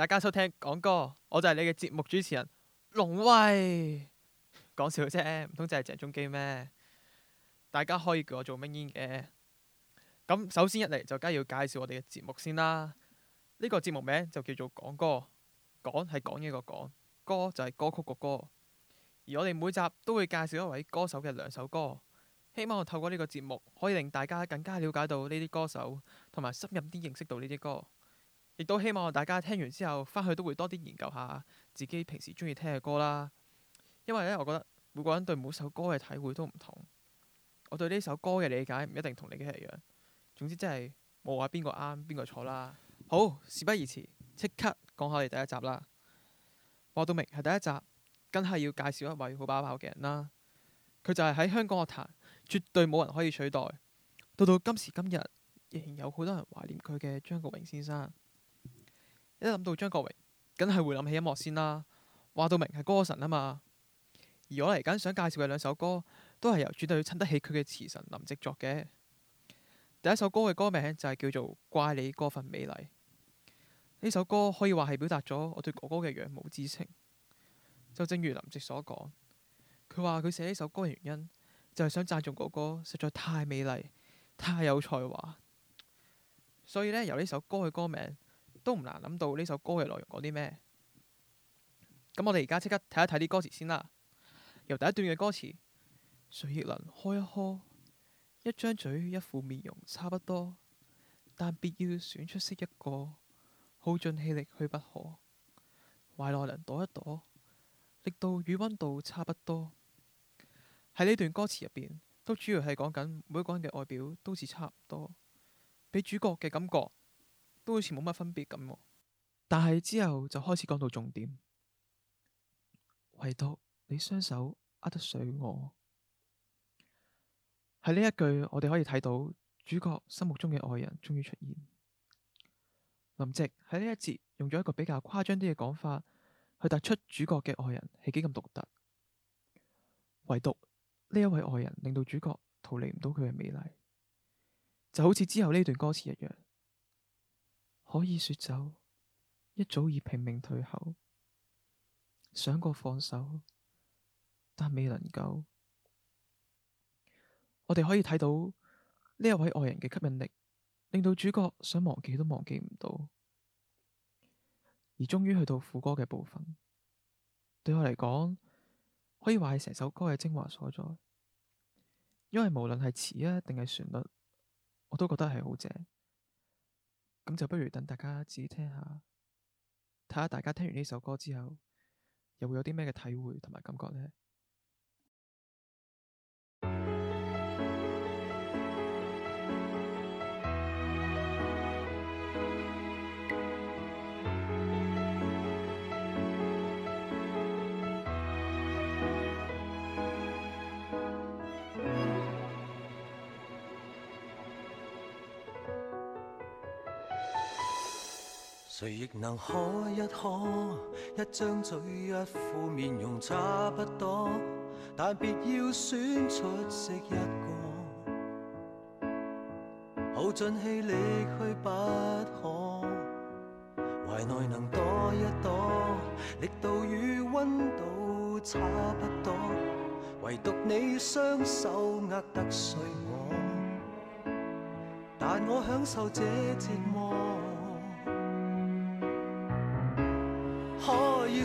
大家收聽講歌，我就係你嘅節目主持人龍威。講笑啫，唔通就係鄭中基咩？大家可以叫我做咩煙嘅。咁、嗯、首先一嚟就梗係要介紹我哋嘅節目先啦。呢、呢個節目名就叫做講歌，講係講嘢個講，歌就係歌曲個歌。而我哋每集都會介紹一位歌手嘅兩首歌，希望我透過呢個節目可以令大家更加了解到呢啲歌手同埋深入啲認識到呢啲歌。亦都希望大家聽完之後，返去都會多啲研究下自己平時中意聽嘅歌啦。因為呢，我覺得每個人對每首歌嘅體會都唔同。我對呢首歌嘅理解唔一定同你嘅一樣。總之，真係冇話邊個啱邊個錯啦。好，事不宜遲，即刻講下你第一集啦。話到明係第一集，梗係要介紹一位好把炮嘅人啦。佢就係喺香港樂壇絕對冇人可以取代，到到今時今日，仍然有好多人懷念佢嘅張國榮先生。一諗到張國榮，梗係會諗起音樂先啦。話到明係歌神啊嘛，而我嚟緊想介紹嘅兩首歌，都係由絕對襯得起佢嘅詞神林夕作嘅。第一首歌嘅歌名就係叫做《怪你過分美麗》。呢首歌可以話係表達咗我對哥哥嘅仰慕之情。就正如林夕所講，佢話佢寫呢首歌嘅原因，就係想讚頌哥哥實在太美麗、太有才華。所以呢，由呢首歌嘅歌名。都唔難諗到呢首歌嘅內容講啲咩。咁我哋而家即刻睇一睇啲歌詞先啦。由第一段嘅歌詞，誰亦能開一開，一張嘴、一副面容差不多，但必要選出色一個，耗盡氣力去不可。懷內能躲一躲，力度與温度差不多。喺呢段歌詞入邊，都主要係講緊每個人嘅外表都似差唔多，俾主角嘅感覺，都好似冇乜分別咁，但係之後就開始講到重點。唯獨你雙手握得碎我，喺呢一句我哋可以睇到主角心目中嘅愛人終於出現。林夕喺呢一節用咗一個比較誇張啲嘅講法，去突出主角嘅愛人係幾咁獨特。唯獨呢一位愛人令到主角逃離唔到佢嘅美麗，就好似之後呢段歌詞一樣。可以說走，一早已拼命退後，想過放手，但未能夠。我哋可以睇到呢一位愛人嘅吸引力，令到主角想忘記都忘記唔到。而終於去到副歌嘅部分，對我嚟講，可以話係成首歌嘅精華所在，因為無論係詞啊定係旋律，我都覺得係好正。咁就不如等大家自己聽下，睇下大家聽完呢首歌之後，又會有啲咩嘅體會同埋感覺咧？誰亦能呵一呵，一張嘴，一副面容差不多，但別要選出色一個，耗盡氣力去拔河。懷內能躲一躲，力度與溫度差不多，唯獨你雙手壓得碎我，但我享受這折磨。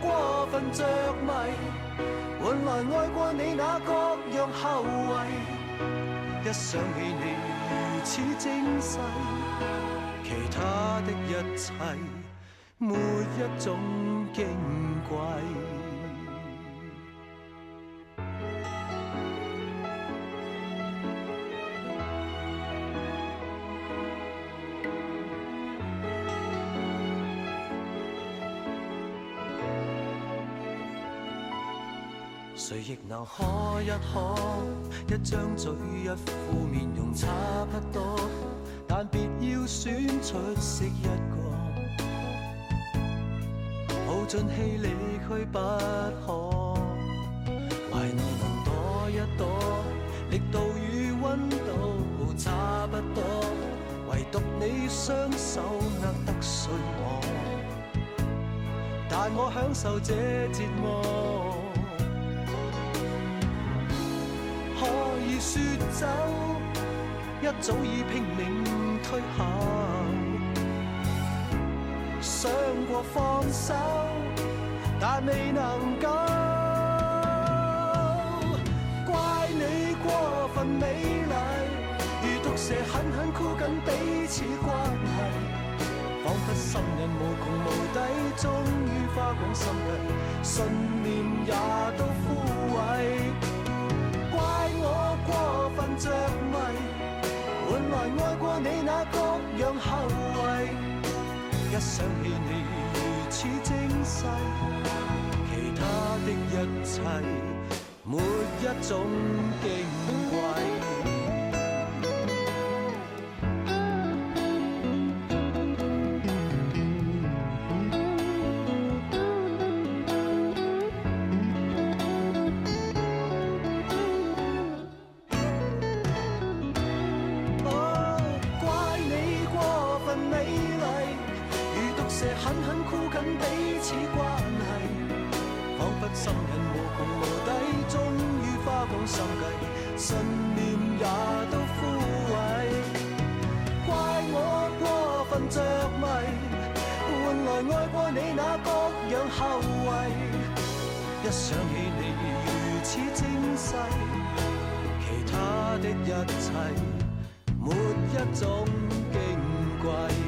過分着迷，換來愛過你那各樣後遺。一想起你如此精細，其他的一切沒一種矜貴。亦能喝一喝，一張嘴一副面容差不多，但別要選出色一個，耗盡氣力去不可。懷內能躲一躲，力度與温度差不多，唯獨你雙手握得碎我，但我享受這折磨。說走，一早已拼命退後，想過放手，但未能夠。怪你過分美麗，如毒蛇狠狠箍緊彼此關係，仿佛心癮無窮無底，終於花光心計，信念也都枯萎。着迷，換 來愛過你那各樣後遺，一想起你如此精細，其他的一切沒一種矜貴。心癮無窮無底，終於花光心計，信念也都枯萎。怪我過分着迷，換來愛過你那各樣後遺。一想起你如此精細，其他的一切沒一種矜貴。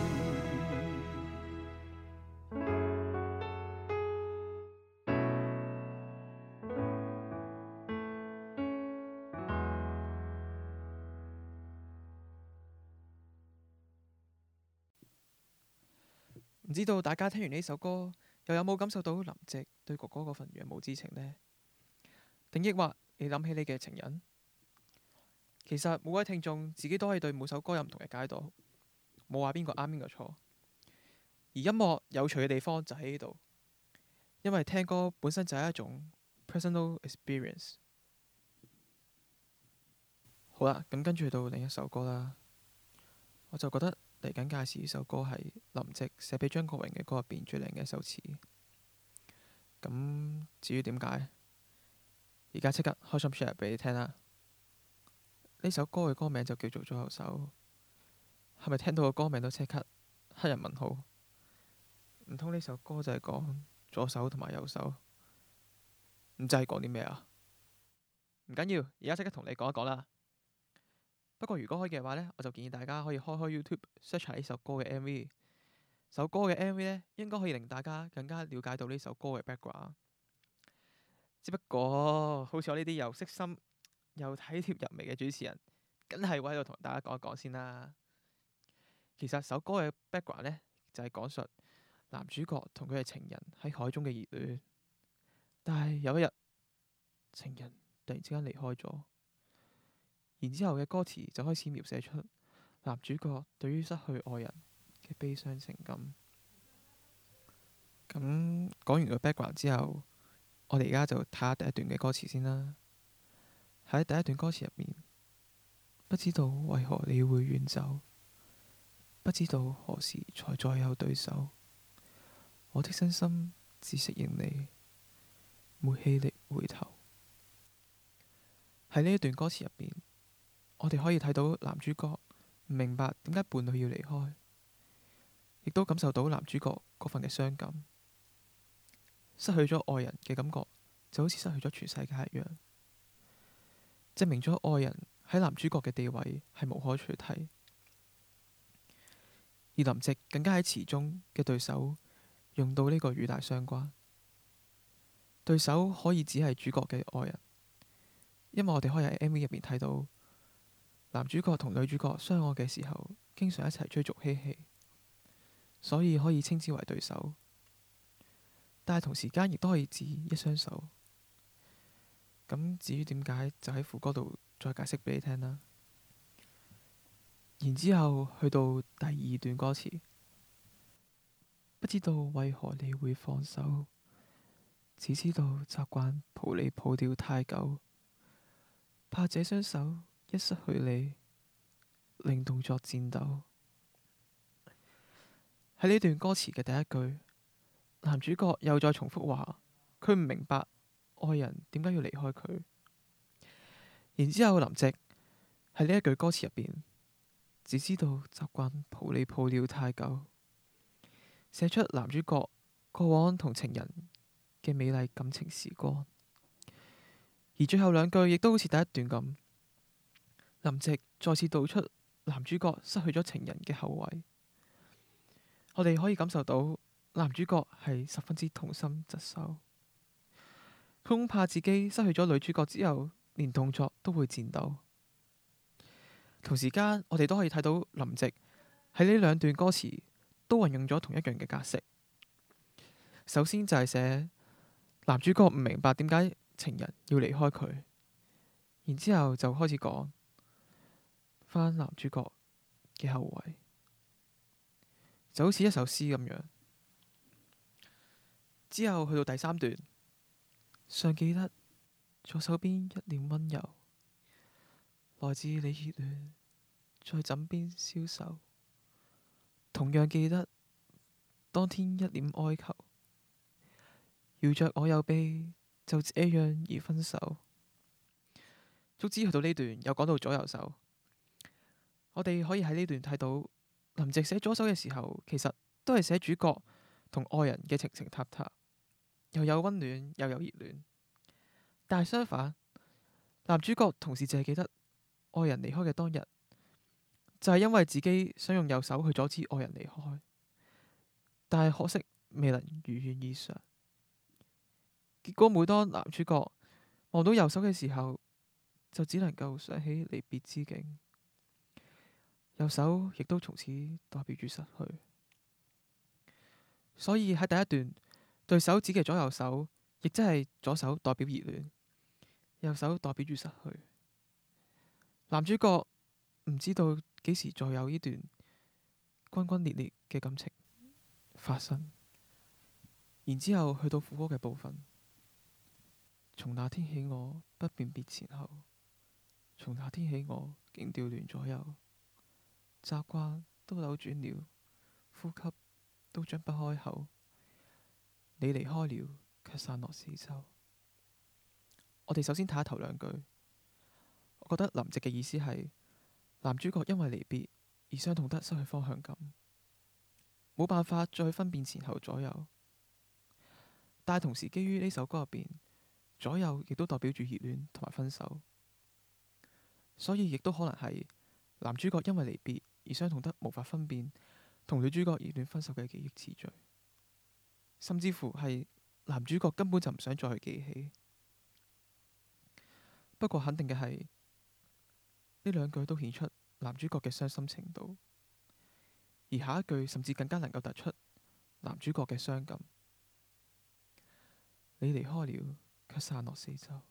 唔知道大家聽完呢首歌，又有冇感受到林夕對哥哥嗰份仰慕之情呢？定抑或你諗起你嘅情人？其實每位聽眾自己都可以對每首歌有唔同嘅解讀，冇話邊個啱邊個錯。而音樂有趣嘅地方就喺呢度，因為聽歌本身就係一種 personal experience。好啦，咁跟住到另一首歌啦，我就覺得。嚟緊介紹呢首歌係林夕寫俾張國榮嘅歌入邊最靚嘅一首詞。咁至於點解？而家即刻開心 share 俾你聽啦！呢首歌嘅歌名就叫做《左右手》，係咪聽到個歌名都即刻黑人問號？唔通呢首歌就係講左手同埋右手？唔知係講啲咩啊？唔緊要，而家即刻同你講一講啦！不過如果可以嘅話呢，我就建議大家可以開開 YouTube search 下呢首歌嘅 MV。首歌嘅 MV 呢，應該可以令大家更加了解到呢首歌嘅 background。只不過好似我呢啲又識心又體貼入微嘅主持人，梗係會喺度同大家講一講先啦。其實首歌嘅 background 呢，就係講述男主角同佢嘅情人喺海中嘅熱戀，但係有一日，情人突然之間離開咗。然之後嘅歌詞就開始描寫出男主角對於失去愛人嘅悲傷情感。咁講完個 background 之後，我哋而家就睇下第一段嘅歌詞先啦。喺第一段歌詞入面，不知道為何你會遠走，不知道何時才再有對手。我的身心只適應你，沒氣力回頭。喺呢一段歌詞入面，我哋可以睇到男主角唔明白點解伴侶要離開，亦都感受到男主角過分嘅傷感，失去咗愛人嘅感覺，就好似失去咗全世界一樣，證明咗愛人喺男主角嘅地位係無可取替。而林夕更加喺詞中嘅對手用到呢個與大相關，對手可以只係主角嘅愛人，因為我哋可以喺 MV 入面睇到。男主角同女主角相愛嘅時候，經常一齊追逐嬉戲，所以可以稱之為對手。但係同時間亦都可以指一雙手。咁至於點解，就喺副歌度再解釋俾你聽啦。然之後去到第二段歌詞，不知道為何你會放手，只知道習慣抱你抱掉太久，怕這雙手，一失去你，令動作顫抖。喺呢段歌詞嘅第一句，男主角又再重複話：佢唔明白愛人點解要離開佢。然之後林夕喺呢一句歌詞入邊，只知道習慣抱你抱了太久，寫出男主角過往同情人嘅美麗感情時光。而最後兩句亦都好似第一段咁。林夕再次道出男主角失去咗情人嘅後悔，我哋可以感受到男主角係十分之痛心疾首，恐怕自己失去咗女主角之後，連動作都會顫抖。同時間，我哋都可以睇到林夕喺呢兩段歌詞都運用咗同一樣嘅格式。首先就係寫男主角唔明白點解情人要離開佢，然之後就開始講。翻男主角嘅後遺，就好似一首詩咁樣。之後去到第三段，尚記得左手邊一臉温柔，來自你熱戀，在枕邊消瘦。同樣記得當天一臉哀求，搖着我右臂，就這樣而分手。直至去到呢段，又講到左右手。我哋可以喺呢段睇到林夕寫左手嘅時候，其實都係寫主角同愛人嘅情情塔塔，又有溫暖又有熱戀。但係相反，男主角同時淨係記得愛人離開嘅當日，就係、是、因為自己想用右手去阻止愛人離開，但係可惜未能如願以償。結果每當男主角望到右手嘅時候，就只能夠想起離別之景。右手亦都從此代表住失去，所以喺第一段對手指嘅左右手，亦即係左手代表熱戀，右手代表住失去。男主角唔知道幾時再有呢段轟轟烈烈嘅感情發生，然之後去到副歌嘅部分，從那天起我不辨別前後，從那天起我竟調亂左右。習慣都扭轉了，呼吸都張不開口。你離開了，卻散落四周。我哋首先睇下頭兩句，我覺得林夕嘅意思係男主角因為離別而傷痛得失去方向感，冇辦法再分辨前後左右。但係同時基於呢首歌入邊，左右亦都代表住熱戀同埋分手，所以亦都可能係男主角因為離別。而相同得無法分辨，同女主角而戀分手嘅記憶次序，甚至乎係男主角根本就唔想再去記起。不過肯定嘅係呢兩句都顯出男主角嘅傷心程度。而下一句甚至更加能夠突出男主角嘅傷感。你離開了，卻散落四周。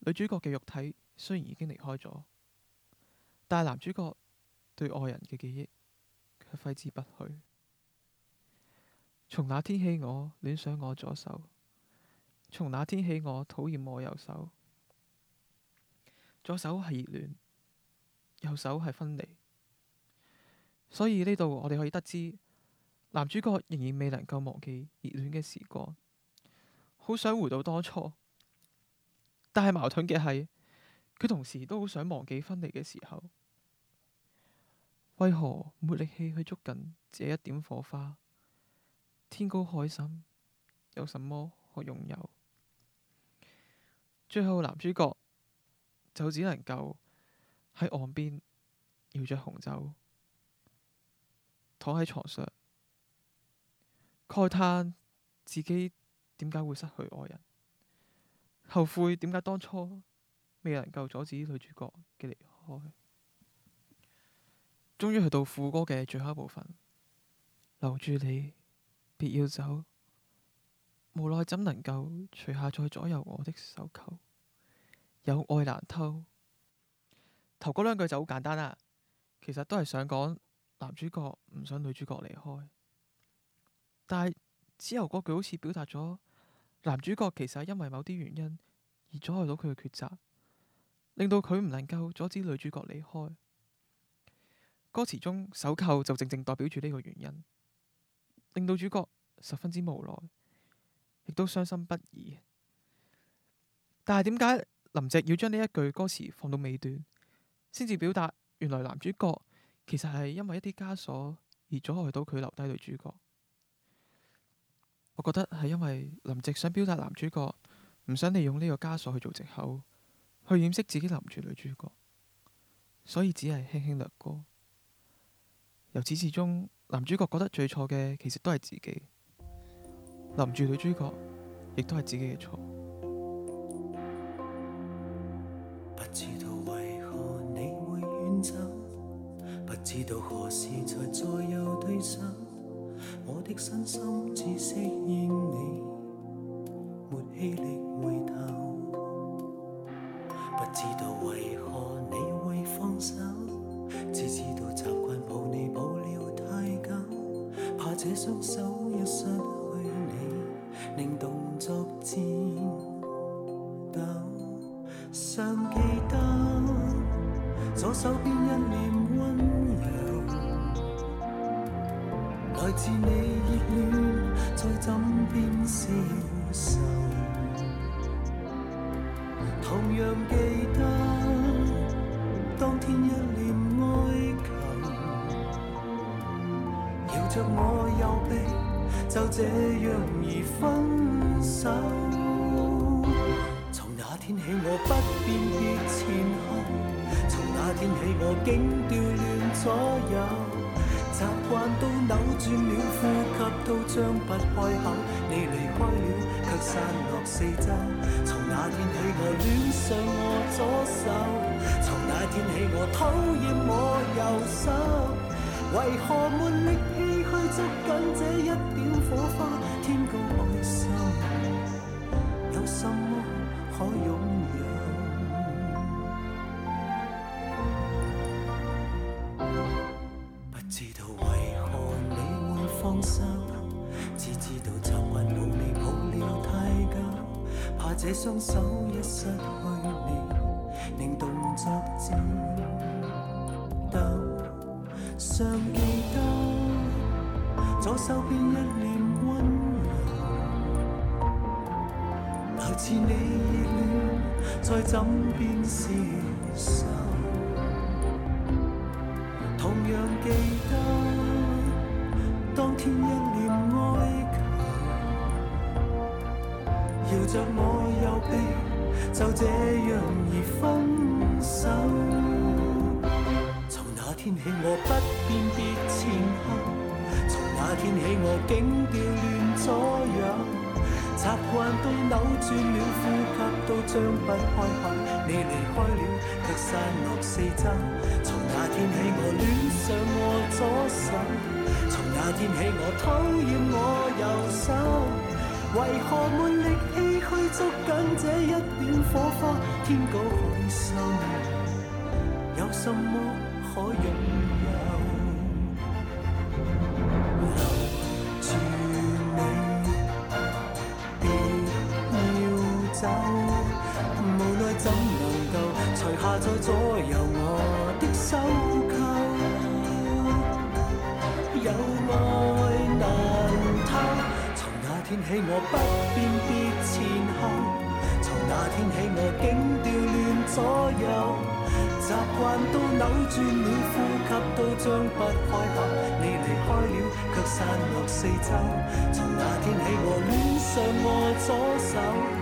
女主角嘅肉體雖然已經離開咗。但男主角對愛人嘅記憶卻揮之不去。從那天起我，我戀上我左手；從那天起我，我討厭我右手。左手係熱戀，右手係分離。所以呢度我哋可以得知，男主角仍然未能夠忘記熱戀嘅時光，好想回到當初。但係矛盾嘅係，佢同時都好想忘記分離嘅時候。為何沒力氣去捉緊這一點火花？天高海深，有什麼可擁有？最後男主角就只能夠喺岸邊搖着紅酒，躺喺床上慨嘆自己點解會失去愛人，後悔點解當初未能夠阻止女主角嘅離開。終於去到副歌嘅最後一部分，留住你，別要走。無奈怎能夠除下在左右我的手扣，有愛難偷。頭嗰兩句就好簡單啦，其實都係想講男主角唔想女主角離開。但係之後嗰句好似表達咗男主角其實係因為某啲原因而阻礙到佢嘅抉擇，令到佢唔能夠阻止女主角離開。歌詞中手銬，就正正代表住呢個原因，令到主角十分之無奈，亦都傷心不已。但係點解林夕要將呢一句歌詞放到尾段，先至表達原來男主角其實係因為一啲枷鎖而阻礙到佢留低女主角？我覺得係因為林夕想表達男主角唔想利用呢個枷鎖去做藉口，去掩飾自己留唔住女主角，所以只係輕輕略過。由始至終，男主角覺得最錯嘅其實都係自己，諗住女主角，亦都係自己嘅錯。不知道為何你會遠走，不知道何時才再有對手，我的身心只適應。 這雙手若失去你，令動作顫抖。尚記得左手邊一臉温柔，來自你熱暖在枕邊消瘦。同樣地。着我右臂，就這樣易分手。從那天起我不辨別前後；從那天起我竟調亂左右，習慣都扭轉了，呼吸都張不開口。你離開了，卻散落四周。從那天起我戀上我左手，從那天起我討厭我右手，為何沒力氣？捉緊這一點火花，天高海深，有什麼可擁有？不知道為何你會放手，只知道習慣無你抱了太久，怕這雙手一失去你，令動作顫抖。相 手邊一臉溫柔，來自你熱戀在枕邊廝守，同樣記得當天一臉哀求，搖着我右臂，就這樣而分手。從那天起我，我不辨別前後。那天起我竟調亂左右，習慣都扭轉了，呼吸都張不開口。你離開了，卻散落四周。從那天起我戀上我左手，從那天起我討厭我右手。為何沒力氣去捉緊這一點火花？天高海深，有什麼可讓？無奈怎能夠除下在左右我的手扣？有愛難偷。從那天起我不辨別前後，從那天起我竟調亂左右，習慣都扭轉了，呼吸都張不開口。你離開了，卻散落四周。從那天起我戀上我左手。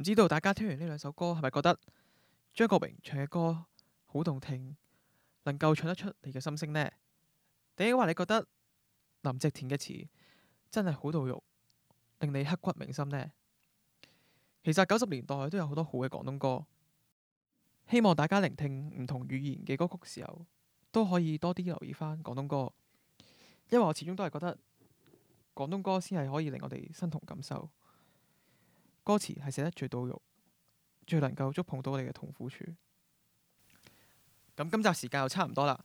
唔知道大家聽完呢兩首歌，係咪覺得張國榮唱嘅歌好動聽，能夠唱得出你嘅心聲呢？定係話你覺得林夕填嘅詞真係好到肉，令你刻骨銘心呢？其實九十年代都有好多好嘅廣東歌，希望大家聆聽唔同語言嘅歌曲時候，都可以多啲留意翻廣東歌，因為我始終都係覺得廣東歌先係可以令我哋身同感受。歌詞係寫得最到肉，最能夠觸碰到你嘅痛苦處。咁今集時間又差唔多啦，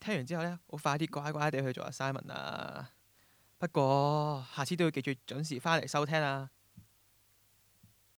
聽完之後咧，好快啲乖乖地去做阿 Simon 啦。不過下次都要記住準時翻嚟收聽啊！